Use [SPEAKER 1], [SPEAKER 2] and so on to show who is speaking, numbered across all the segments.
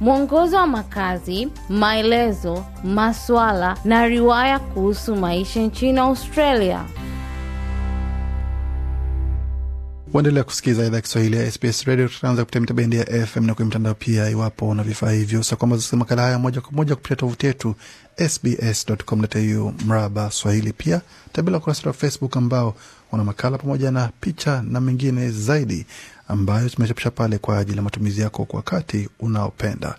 [SPEAKER 1] mwongozo wa makazi, maelezo, maswala na riwaya kuhusu maisha nchini Australia.
[SPEAKER 2] Waendelea kusikiliza idhaa ya Kiswahili ya SBS Radio. Tutaanza kupitia mitabendi ya FM na kwenye mtandao pia, iwapo na vifaa hivyo. Sa kwamba zasikia makala haya moja kwa moja kupitia tovuti yetu sbs.com.au mraba swahili. Pia tabila ukurasa wa Facebook ambao wana makala pamoja na picha na mengine zaidi ambayo tumechapisha pale kwa ajili ya matumizi yako kwa wakati unaopenda.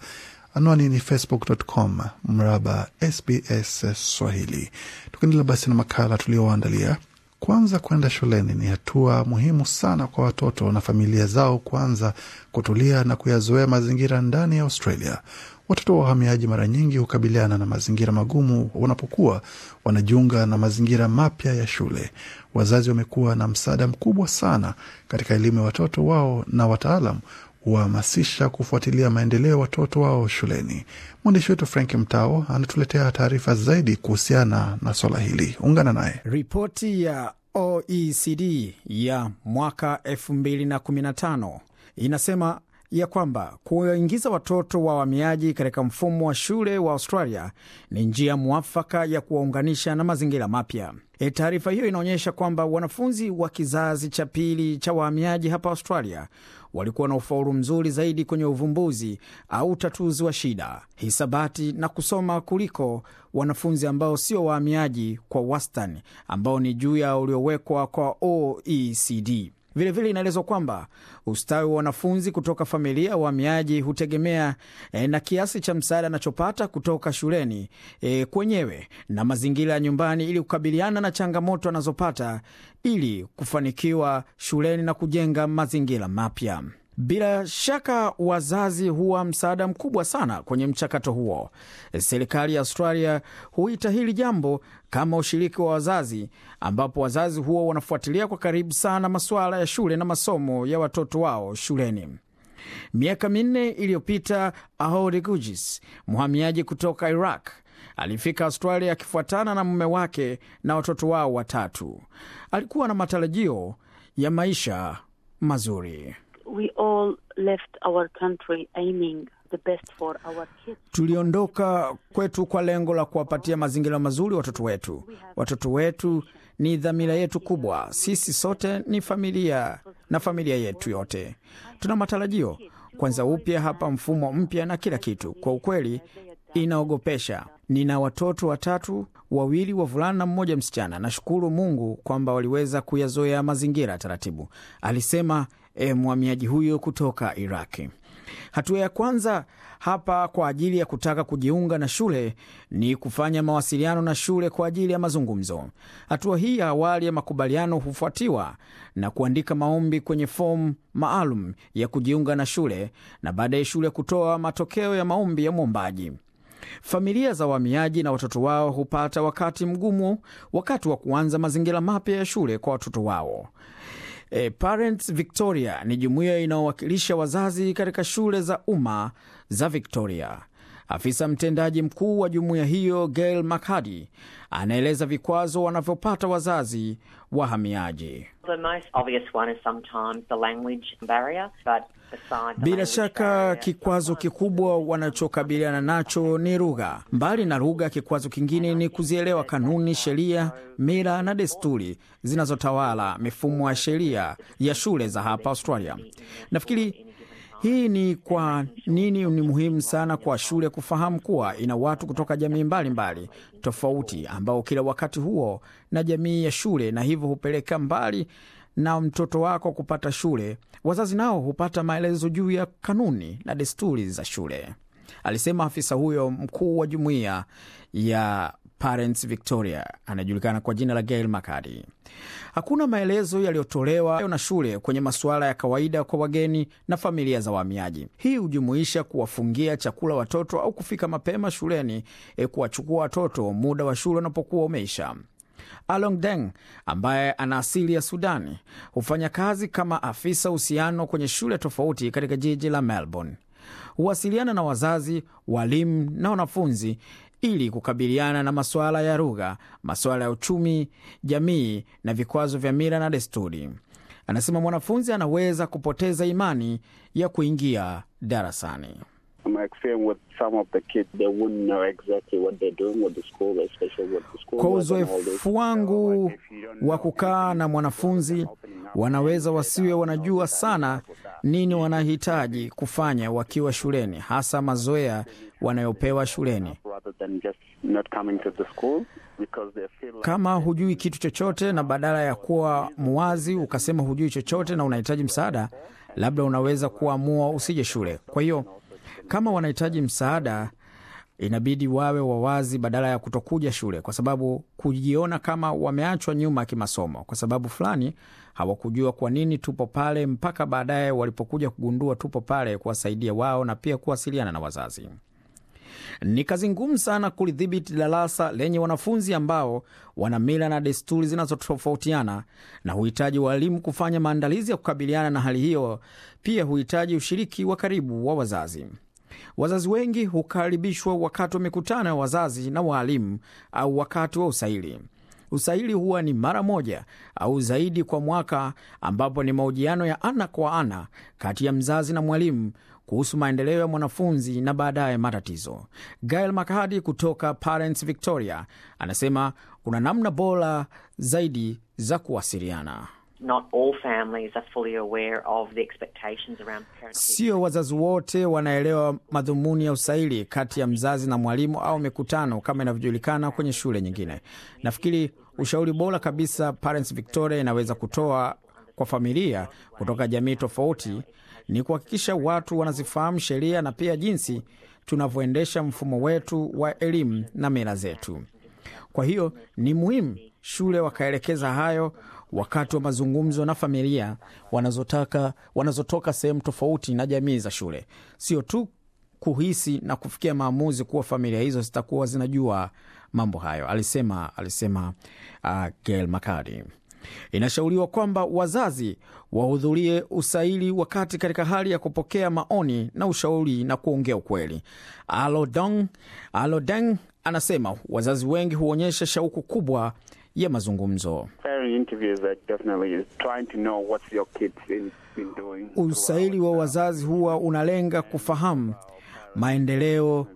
[SPEAKER 2] Anwani ni facebook.com mraba SBS Swahili. Tukiendelea basi na makala tulioandalia kwanza kwenda shuleni ni hatua muhimu sana kwa watoto na familia zao kuanza kutulia na kuyazoea mazingira ndani ya Australia. Watoto wa wahamiaji mara nyingi hukabiliana na mazingira magumu wanapokuwa wanajiunga na mazingira mapya ya shule. Wazazi wamekuwa na msaada mkubwa sana katika elimu ya watoto wao na wataalam huwahamasisha kufuatilia maendeleo ya watoto wao shuleni. Mwandishi wetu Frank Mtao anatuletea taarifa zaidi kuhusiana na swala hili. Ungana naye.
[SPEAKER 1] Ripoti ya OECD ya mwaka 2015 inasema ya kwamba kuwaingiza watoto wa wahamiaji katika mfumo wa shule wa Australia ni njia mwafaka ya kuwaunganisha na mazingira mapya. E, taarifa hiyo inaonyesha kwamba wanafunzi wa kizazi cha pili cha wahamiaji hapa Australia walikuwa na ufaulu mzuri zaidi kwenye uvumbuzi au utatuzi wa shida, hisabati na kusoma kuliko wanafunzi ambao sio wahamiaji, kwa wastani ambao ni juu ya uliowekwa kwa OECD. Vilevile inaelezwa kwamba ustawi wa wanafunzi kutoka familia wahamiaji hutegemea e, na kiasi cha msaada anachopata kutoka shuleni e, kwenyewe na mazingira ya nyumbani ili kukabiliana na changamoto anazopata ili kufanikiwa shuleni na kujenga mazingira mapya. Bila shaka wazazi huwa msaada mkubwa sana kwenye mchakato huo. Serikali ya Australia huita hili jambo kama ushiriki wa wazazi, ambapo wazazi huwa wanafuatilia kwa karibu sana masuala ya shule na masomo ya watoto wao shuleni. Miaka minne iliyopita, Ahode Gujis, mhamiaji kutoka Iraq, alifika Australia akifuatana na mume wake na watoto wao watatu. Alikuwa na matarajio ya maisha mazuri. We all left our country aiming the best for our kids. Tuliondoka kwetu kwa lengo la kuwapatia mazingira mazuri watoto wetu. Watoto wetu ni dhamira yetu kubwa. Sisi sote ni familia na familia yetu yote tuna matarajio kwanza upya hapa, mfumo mpya na kila kitu. Kwa ukweli inaogopesha. Nina watoto watatu, wawili wavulana na mmoja msichana. Nashukuru Mungu kwamba waliweza kuyazoea mazingira taratibu, alisema e, mhamiaji huyo kutoka Iraki. Hatua ya kwanza hapa kwa ajili ya kutaka kujiunga na shule ni kufanya mawasiliano na shule kwa ajili ya mazungumzo. Hatua hii ya awali ya makubaliano hufuatiwa na kuandika maombi kwenye fomu maalum ya kujiunga na shule na baadaye shule kutoa matokeo ya maombi ya mwombaji. Familia za wahamiaji na watoto wao hupata wakati mgumu wakati wa kuanza mazingira mapya ya shule kwa watoto wao. E, Parents Victoria ni jumuiya inayowakilisha wazazi katika shule za umma za Victoria. Afisa mtendaji mkuu wa jumuiya hiyo Gail Makadi anaeleza vikwazo wanavyopata wazazi wahamiaji. Bila shaka kikwazo kikubwa wanachokabiliana nacho ni lugha. Mbali na lugha, kikwazo kingine ni kuzielewa kanuni, sheria, mila na desturi zinazotawala mifumo ya sheria ya shule za hapa Australia. Nafikiri hii ni kwa nini ni muhimu sana kwa shule kufahamu kuwa ina watu kutoka jamii mbalimbali mbali, tofauti ambao kila wakati huo na jamii ya shule na hivyo hupeleka mbali na mtoto wako kupata shule. Wazazi nao hupata maelezo juu ya kanuni na desturi za shule, alisema afisa huyo mkuu wa jumuiya ya Parents Victoria anayejulikana kwa jina la Gail Makadi. Hakuna maelezo yaliyotolewa na shule kwenye masuala ya kawaida kwa wageni na familia za wahamiaji. Hii hujumuisha kuwafungia chakula watoto au kufika mapema shuleni, e, kuwachukua watoto muda wa shule unapokuwa umeisha. Along Deng ambaye ana asili ya Sudani hufanya kazi kama afisa uhusiano kwenye shule tofauti katika jiji la Melbourne. Huwasiliana na wazazi, walimu na wanafunzi ili kukabiliana na masuala ya lugha, masuala ya uchumi, jamii na vikwazo vya mila na desturi. Anasema mwanafunzi anaweza kupoteza imani ya kuingia darasani. Kwa uzoefu wangu wa kukaa na mwanafunzi, wanaweza wasiwe wanajua sana nini wanahitaji kufanya wakiwa shuleni, hasa mazoea wanayopewa shuleni than just not coming to the school because they feel like... Kama hujui kitu chochote na badala ya kuwa muwazi ukasema hujui chochote na unahitaji msaada, labda unaweza kuamua usije shule. Kwa hiyo kama wanahitaji msaada inabidi wawe wawazi badala ya kutokuja shule, kwa sababu kujiona kama wameachwa nyuma kimasomo. Kwa sababu fulani hawakujua kwa nini tupo pale, mpaka baadaye walipokuja kugundua tupo pale, kuwasaidia wao na pia kuwasiliana na wazazi. Ni kazi ngumu sana kulidhibiti darasa lenye wanafunzi ambao wana mila na desturi zinazotofautiana na huhitaji walimu kufanya maandalizi ya kukabiliana na hali hiyo. Pia huhitaji ushiriki wa karibu wa wazazi. Wazazi wengi hukaribishwa wakati wa mikutano ya wazazi na waalimu au wakati wa usaili. Usaili huwa ni mara moja au zaidi kwa mwaka, ambapo ni mahojiano ya ana kwa ana kati ya mzazi na mwalimu kuhusu maendeleo ya mwanafunzi na baadaye matatizo. gael makhadi kutoka Parents Victoria anasema kuna namna bora zaidi za kuwasiliana. Sio wazazi wote wanaelewa madhumuni ya usaili kati ya mzazi na mwalimu au mikutano kama inavyojulikana kwenye shule nyingine. Nafikiri ushauri bora kabisa Parents Victoria inaweza kutoa kwa familia kutoka jamii tofauti ni kuhakikisha watu wanazifahamu sheria na pia jinsi tunavyoendesha mfumo wetu wa elimu na mila zetu. Kwa hiyo ni muhimu shule wakaelekeza hayo wakati wa mazungumzo na familia wanazotaka wanazotoka sehemu tofauti na jamii za shule, sio tu kuhisi na kufikia maamuzi kuwa familia hizo zitakuwa zinajua mambo hayo, alisema alisema uh, Gail Makadi. Inashauriwa kwamba wazazi wahudhurie usaili wakati katika hali ya kupokea maoni na ushauri na kuongea ukweli. alodeng Alo anasema wazazi wengi huonyesha shauku kubwa ya mazungumzo. Usaili wa wazazi huwa unalenga kufahamu maendeleo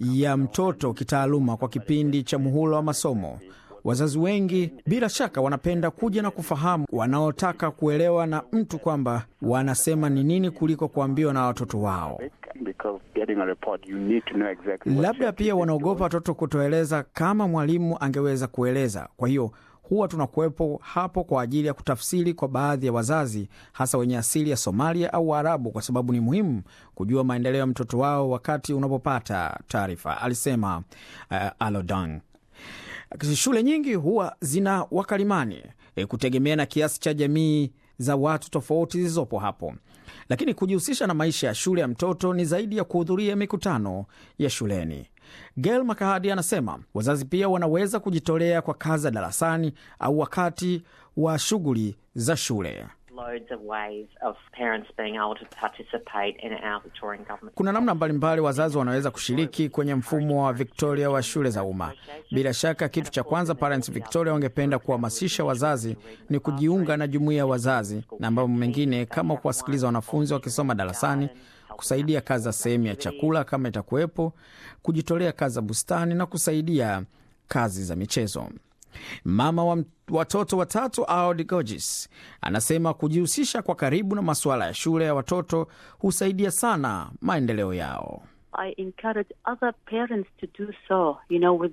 [SPEAKER 1] ya mtoto kitaaluma kwa kipindi cha muhula wa masomo Wazazi wengi bila shaka wanapenda kuja na kufahamu, wanaotaka kuelewa na mtu kwamba wanasema ni nini kuliko kuambiwa na watoto wao. labda pia wanaogopa watoto kutoeleza kama mwalimu angeweza kueleza. Kwa hiyo huwa tunakuwepo hapo kwa ajili ya kutafsiri kwa baadhi ya wazazi, hasa wenye asili ya Somalia au Waarabu, kwa sababu ni muhimu kujua maendeleo ya mtoto wao wakati unapopata taarifa, alisema uh, Alodang. Shule nyingi huwa zina wakalimani e, kutegemea na kiasi cha jamii za watu tofauti zilizopo hapo. Lakini kujihusisha na maisha ya shule ya mtoto ni zaidi ya kuhudhuria mikutano ya shuleni. gel Makahadi anasema wazazi pia wanaweza kujitolea kwa kazi ya darasani au wakati wa shughuli za shule. Kuna namna mbalimbali wazazi wanaweza kushiriki kwenye mfumo wa Victoria wa shule za umma. Bila shaka, kitu cha kwanza Parents Victoria wangependa kuhamasisha wazazi ni kujiunga na jumuiya ya wazazi na mambo mengine kama kuwasikiliza wanafunzi wakisoma darasani kusaidia kazi za sehemu ya chakula kama itakuwepo, kujitolea kazi za bustani na kusaidia kazi za michezo. Mama wa watoto watatu Aud Gorges anasema kujihusisha kwa karibu na masuala ya shule ya watoto husaidia sana maendeleo yao. So, you know,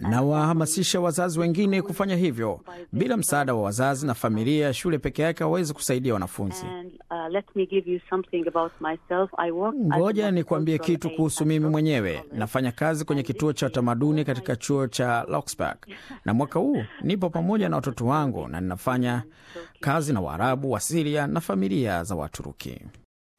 [SPEAKER 1] nawahamasisha wazazi wengine kufanya hivyo. Bila msaada wa wazazi na familia ya shule peke yake hawawezi kusaidia wanafunzi. Uh, Ngoja nikuambie kitu kuhusu mimi mwenyewe. Nafanya kazi kwenye kituo cha utamaduni katika chuo cha Loxburg, na mwaka huu nipo pamoja na watoto wangu na ninafanya kazi na Waarabu wa Siria na familia za Waturuki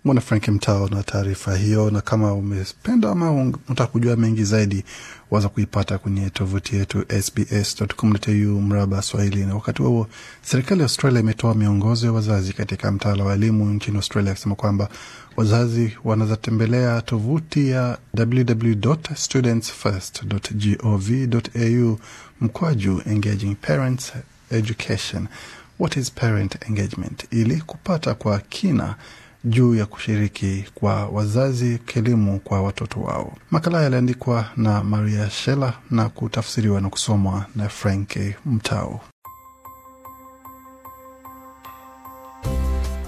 [SPEAKER 2] bwana Frank Mtao na taarifa hiyo, na kama umependa ama unataka kujua mengi zaidi, waza kuipata kwenye tovuti yetu sbs.com.au mraba Swahili. Na wakati huo serikali ya Australia imetoa miongozo ya wazazi katika mtaala wa elimu nchini Australia, akisema kwamba wazazi wanazatembelea tovuti ya www.studentsfirst.gov.au mkwaju engaging parents education, what is parent engagement, ili kupata kwa kina juu ya kushiriki kwa wazazi elimu kwa watoto wao. Makala yaliandikwa na Maria Shela na kutafsiriwa na kusomwa na Franki Mtao.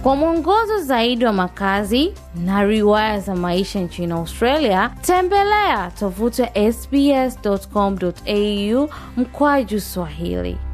[SPEAKER 1] Kwa mwongozo zaidi wa makazi na riwaya za maisha nchini Australia, tembelea tovuti ya sbs.com.au mkwaju Swahili.